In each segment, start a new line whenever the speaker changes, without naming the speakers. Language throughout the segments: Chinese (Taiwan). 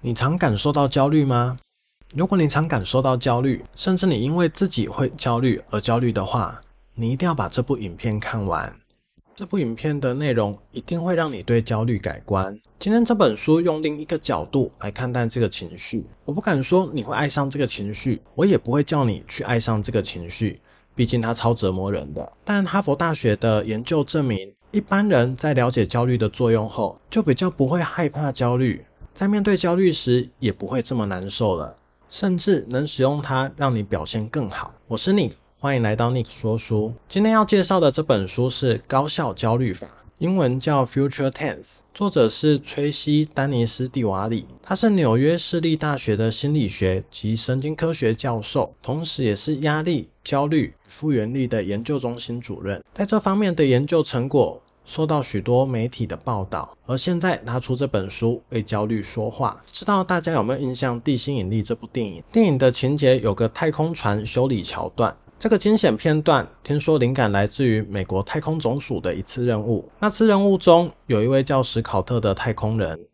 你常感受到焦慮嗎？如果你常感受到焦慮，甚至你因為自己會焦慮而焦慮的話，你一定要把這部影片看完。這部影片的內容一定會讓你對焦慮改觀。今天這本書用另一個角度來看待這個情緒，我不敢說你會愛上這個情緒，我也不會叫你去愛上這個情緒，畢竟它超折磨人的。但哈佛大學的研究證明，一般人在了解焦慮的作用後，就比較不會害怕焦慮。在面對焦慮時，也不會這麼難受了，甚至能使用它讓你表現更好。我是 Nick，歡迎來到 Nick 說書。今天要介紹的這本書是《高效焦慮法》，英文叫《Future Tense》，作者是崔西·丹尼斯·蒂瓦里，他是紐約市立大學的心理學及神經科學教授，同時也是壓力、焦慮、復原力的研究中心主任，在這方面的研究成果。受到許多媒體的報道，而現在拿出這本書為焦慮說話。知道大家有沒有印象《地心引力》這部電影？電影的情節有個太空船修理橋段，這個驚險片段，聽說靈感來自於美國太空總署的一次任務。那次任務中，有一位叫史考特的太空人。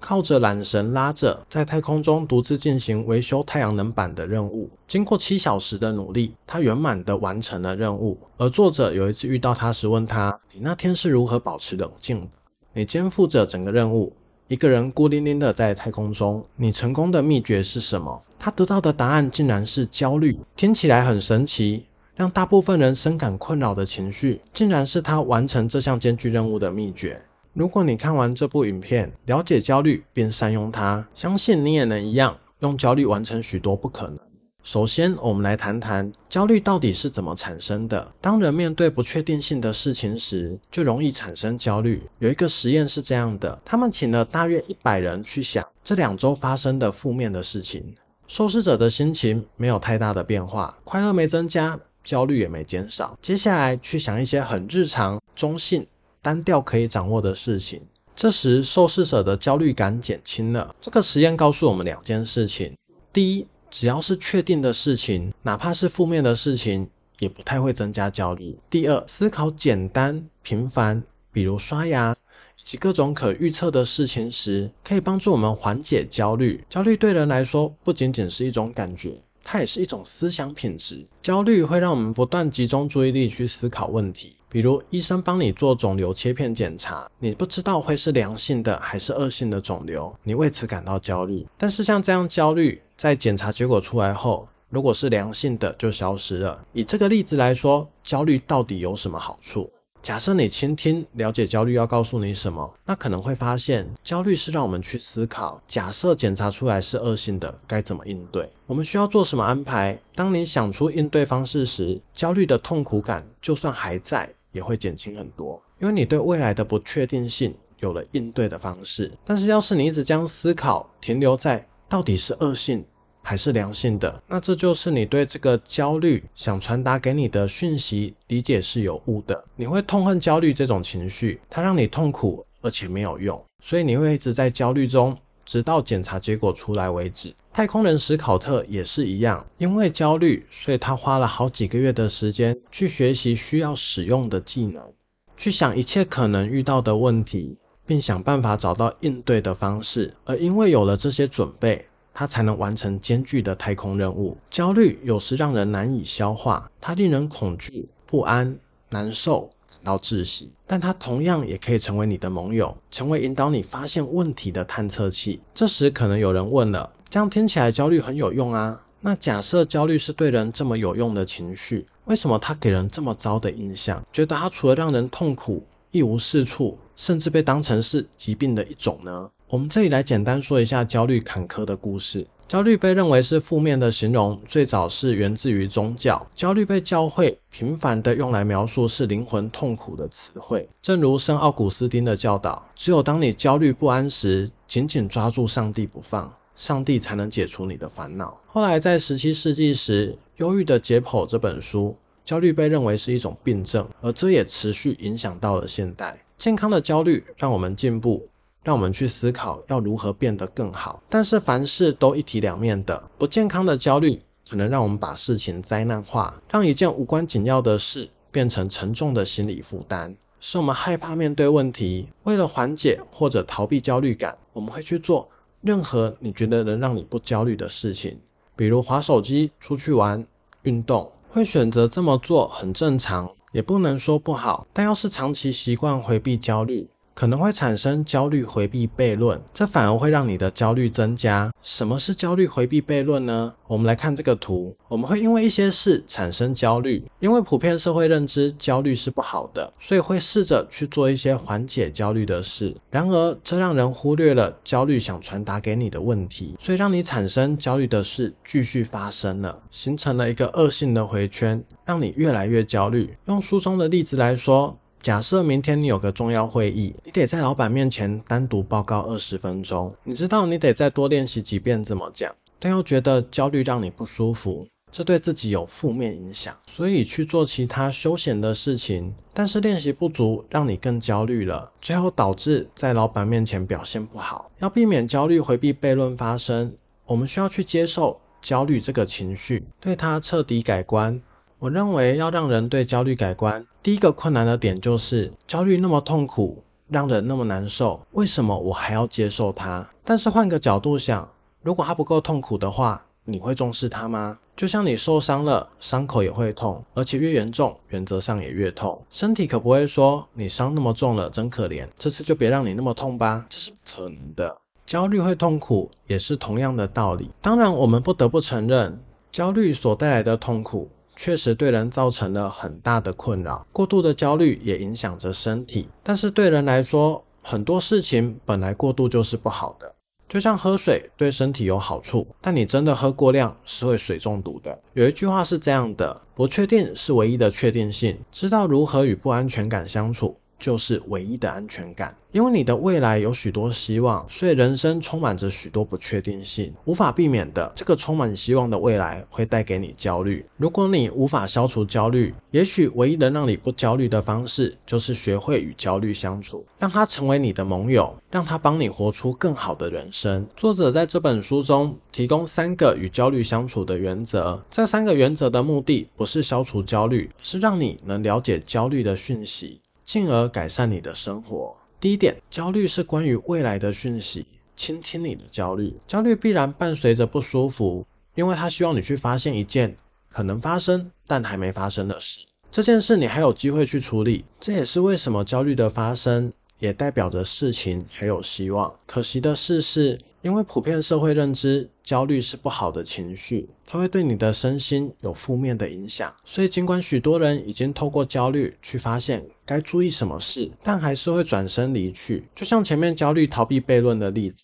靠着纜繩拉着，在太空中獨自進行維修太陽能板的任務。經過七小時的努力，他圓滿地完成了任務。而作者有一次遇到他時，問他：“你那天是如何保持冷靜的？你肩負着整個任務，一個人孤零零地在太空中，你成功的秘訣是什麼？”他得到的答案竟然是焦慮。聽起來很神奇，讓大部分人深感困擾的情緒，竟然是他完成這項艱巨任務的秘訣。如果你看完這部影片，了解焦慮並善用它，相信你也能一樣用焦慮完成許多不可能。首先，我們來談談焦慮到底是怎麼產生的。當人面對不確定性的事情時，就容易產生焦慮。有一個實驗是這樣的：他們請了大約一百人去想這兩週發生的負面的事情。受試者的心情沒有太大的變化，快樂沒增加，焦慮也沒減少。接下來去想一些很日常、中性。單調可以掌握的事情，這時受試者的焦慮感減輕了。這個實驗告訴我們兩件事情：第一，只要是確定的事情，哪怕是負面的事情，也不太會增加焦慮；第二，思考簡單、平凡，比如刷牙以及各種可預測的事情時，可以幫助我們緩解焦慮。焦慮對人來說不僅僅是一種感覺，它也是一種思想品質。焦慮會讓我們不斷集中注意力去思考問題。比如醫生幫你做腫瘤切片檢查，你不知道會是良性的還是惡性的腫瘤，你為此感到焦慮。但是像這樣焦慮，在檢查結果出來後，如果是良性的就消失了。以這個例子來說，焦慮到底有什麼好處？假設你傾聽了解焦慮要告訴你什麼，那可能會發現，焦慮是讓我們去思考，假設檢查出來是惡性的，該怎麼應對？我們需要做什麼安排？當你想出應對方式時，焦慮的痛苦感就算還在，也會減輕很多，因為你對未來的不確定性有了應對的方式。但是，要是你一直將思考停留在到底是惡性還是良性的,那這就是你對這個焦慮想傳達給你的訊息理解是有誤的。你會痛恨焦慮這種情緒，它讓你痛苦而且沒有用，所以你會一直在焦慮中，直到檢查結果出來為止。太空人史考特也是一樣，因為焦慮，所以他花了好幾個月的時間去學習需要使用的技能，去想一切可能遇到的問題，並想辦法找到應對的方式。而因為有了這些準備，他才能完成艱巨的太空任務。焦慮有時讓人難以消化，它令人恐懼、不安、難受，感到窒息。但它同樣也可以成為你的盟友，成為引導你發現問題的探測器。這時，可能有人問了。這樣聽起來焦慮很有用啊。那假設焦慮是對人這麼有用的情緒，為什麼它給人這麼糟的印象，覺得它除了讓人痛苦一無是處，甚至被當成是疾病的一種呢？我們這裡來簡單說一下焦慮坎坷的故事。焦慮被認為是負面的形容，最早是源自於宗教。焦慮被教會頻繁地用來描述是靈魂痛苦的詞彙。正如聖奧古斯丁的教導，只有當你焦慮不安時，緊緊抓住上帝不放。上帝才能解除你的煩惱。後來在十七世紀時，《憂鬱的解剖》這本書，焦慮被認為是一種病症，而這也持續影響到了現代。健康的焦慮讓我們進步，讓我們去思考要如何變得更好。但是凡事都一體兩面的，不健康的焦慮可能讓我們把事情災難化，讓一件無關緊要的事變成沉重的心理負擔，使我們害怕面對問題。為了緩解或者逃避焦慮感，我們會去做，任何你覺得能讓你不焦慮的事情，比如滑手機、出去玩、運動，會選擇這麼做很正常，也不能說不好。但要是長期習慣迴避焦慮，可能會產生焦慮回避悖論，這反而會讓你的焦慮增加。什麼是焦慮回避悖論呢？我們來看這個圖，我們會因為一些事產生焦慮，因為普遍社會認知焦慮是不好的，所以會試着去做一些緩解焦慮的事。然而，這讓人忽略了焦慮想傳達給你的問題，所以讓你產生焦慮的事繼續發生了，形成了一個惡性的回圈，讓你越來越焦慮。用書中的例子來說，假設明天你有個重要會議，你得在老闆面前單獨報告二十分鐘。你知道你得再多練習幾遍怎麼講，但又覺得焦慮讓你不舒服，這對自己有負面影響，所以去做其他休閒的事情。但是練習不足，讓你更焦慮了，最後導致在老闆面前表現不好。要避免焦慮回避悖論發生，我們需要去接受焦慮這個情緒，對它徹底改觀。我認為要讓人對焦慮改觀，第一個困難的點就是焦慮那麼痛苦，讓人那麼難受，為什麼我還要接受它？但是換個角度想，如果它不夠痛苦的話，你會重視它嗎？就像你受傷了，傷口也會痛，而且越嚴重，原則上也越痛。身體可不會說你傷那麼重了，真可憐，這次就別讓你那麼痛吧，這是不可能的。焦慮會痛苦，也是同樣的道理。當然，我們不得不承認，焦慮所帶來的痛苦。確實對人造成了很大的困擾，過度的焦慮也影響着身體，但是對人來說，很多事情本來過度就是不好的。就像喝水對身體有好處，但你真的喝過量是會水中毒的。有一句話是這樣的，不確定是唯一的確定性，知道如何與不安全感相處。就是唯一的安全感，因為你的未來有許多希望，所以人生充滿着許多不確定性，無法避免的。這個充滿希望的未來會帶給你焦慮。如果你無法消除焦慮，也許唯一的讓你不焦慮的方式，就是學會與焦慮相處，讓它成為你的盟友，讓它幫你活出更好的人生。作者在這本書中提供三個與焦慮相處的原則，這三個原則的目的不是消除焦慮，是讓你能了解焦慮的訊息。進而改善你的生活。第一點，焦慮是關於未來的訊息，傾聽你的焦慮。焦慮必然伴隨着不舒服，因為它希望你去發現一件可能發生但還沒發生的事。這件事你還有機會去處理。這也是為什麼焦慮的發生也代表着事情還有希望。可惜的事是。因為普遍社會認知，焦慮是不好的情緒，它會對你的身心有負面的影響。所以，儘管許多人已經透過焦慮去發現該注意什麼事，但還是會轉身離去。就像前面焦慮逃避悖論的例子。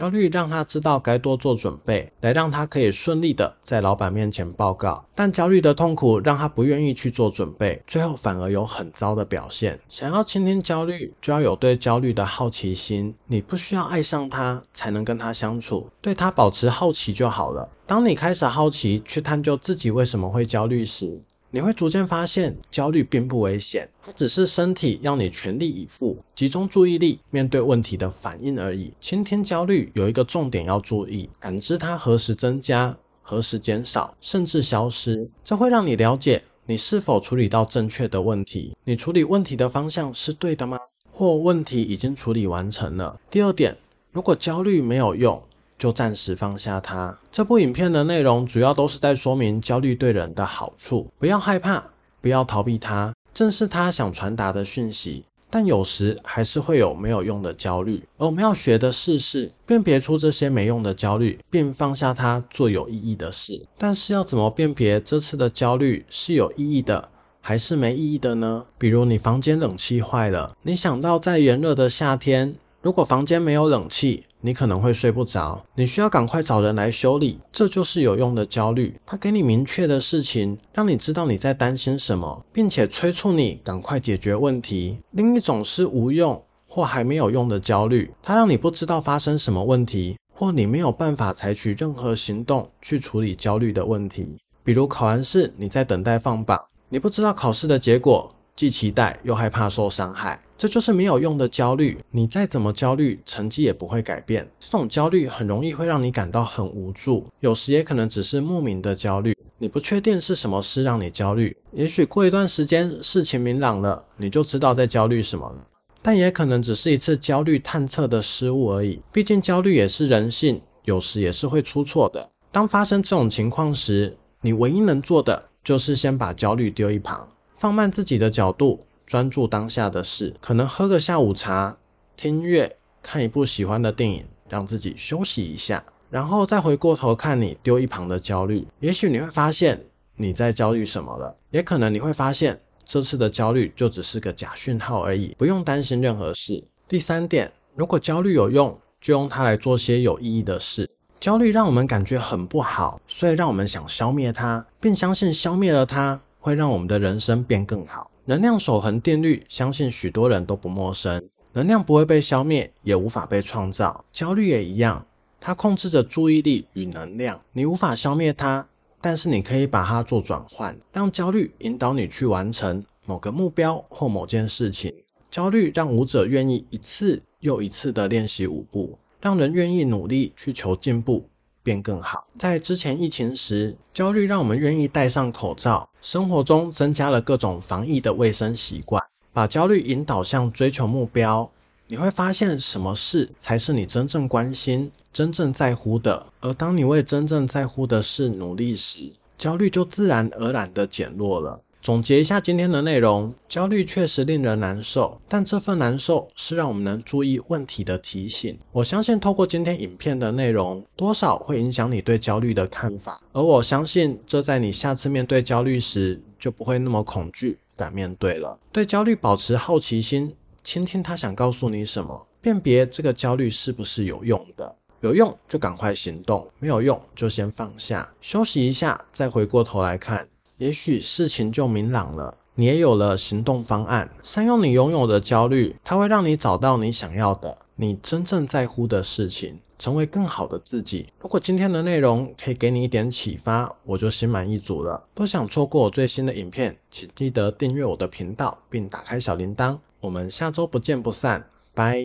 焦慮讓他知道該多做準備，來讓他可以順利的在老闆面前報告。但焦慮的痛苦讓他不願意去做準備，最後反而有很糟的表現。想要傾聽焦慮，就要有對焦慮的好奇心。你不需要愛上他才能跟他相處，對他保持好奇就好了。當你開始好奇去探究自己為什麼會焦慮時，你會逐漸發現，焦慮並不危險，它只是身體讓你全力以赴、集中注意力面對問題的反應而已。傾聽焦慮有一個重點要注意，感知它何時增加、何時減少，甚至消失，這會讓你了解你是否處理到正確的問題，你處理問題的方向是對的嗎？或問題已經處理完成了？第二點，如果焦慮沒有用。就暫時放下它。這部影片的內容主要都是在說明焦慮對人的好處，不要害怕，不要逃避它，正是他想傳達的訊息。但有時還是會有沒有用的焦慮，而我們要學的事是辨別出這些沒用的焦慮，並放下它，做有意義的事。但是要怎麼辨別這次的焦慮是有意義的，還是沒意義的呢？比如你房間冷氣壞了，你想到在炎熱的夏天，如果房間沒有冷氣，你可能會睡不着，你需要趕快找人來修理，這就是有用的焦慮，它給你明確的事情，讓你知道你在擔心什麼，並且催促你趕快解決問題。另一種是無用或還沒有用的焦慮，它讓你不知道發生什麼問題，或你沒有辦法採取任何行動去處理焦慮的問題。比如考完試，你在等待放榜，你不知道考試的結果。既期待又害怕受傷害，這就是沒有用的焦慮。你再怎麼焦慮，成績也不會改變。這種焦慮很容易會讓你感到很無助，有時也可能只是莫名的焦慮。你不確定是什麼事讓你焦慮，也許過一段時間事情明朗了，你就知道在焦慮什麼了。但也可能只是一次焦慮探測的失誤而已。畢竟焦慮也是人性，有時也是會出錯的。當發生這種情況時，你唯一能做的就是先把焦慮丟一旁。放慢自己的角度，專注當下的事，可能喝個下午茶，聽音樂，看一部喜歡的電影，讓自己休息一下，然後再回過頭看你丟一旁的焦慮，也許你會發現你在焦慮什麼了，也可能你會發現這次的焦慮就只是個假訊號而已，不用擔心任何事。第三點，如果焦慮有用，就用它來做些有意義的事。焦慮讓我們感覺很不好，所以讓我們想消滅它，並相信消滅了它，會讓我們的人生變更好。能量守恆定律，相信許多人都不陌生。能量不會被消滅，也無法被創造。焦慮也一樣，它控制着注意力與能量。你無法消滅它，但是你可以把它做轉換，讓焦慮引導你去完成某個目標或某件事情。焦慮讓舞者願意一次又一次的練習舞步，讓人願意努力去求進步。變更好。在之前疫情時，焦慮讓我們願意戴上口罩，生活中增加了各種防疫的衛生習慣，把焦慮引導向追求目標。你會發現，什麼事才是你真正關心、真正在乎的。而當你為真正在乎的事努力時，焦慮就自然而然的減弱了。總結一下今天的內容，焦慮確實令人難受，但這份難受是讓我們能注意問題的提醒。我相信透過今天影片的內容，多少會影響你對焦慮的看法，而我相信這在你下次面對焦慮時，就不會那麼恐懼，敢面對了。對焦慮保持好奇心，傾聽他想告訴你什麼，辨別這個焦慮是不是有用的，有用就趕快行動，沒有用就先放下，休息一下，再回過頭來看。也許事情就明朗了，你也有了行動方案。善用你擁有的焦慮，它會讓你找到你想要的，你真正在乎的事情，成為更好的自己。如果今天的內容可以給你一點啟發，我就心滿意足了。不想錯過我最新的影片，請記得訂閱我的頻道，並打開小鈴鐺。我們下周不見不散，拜。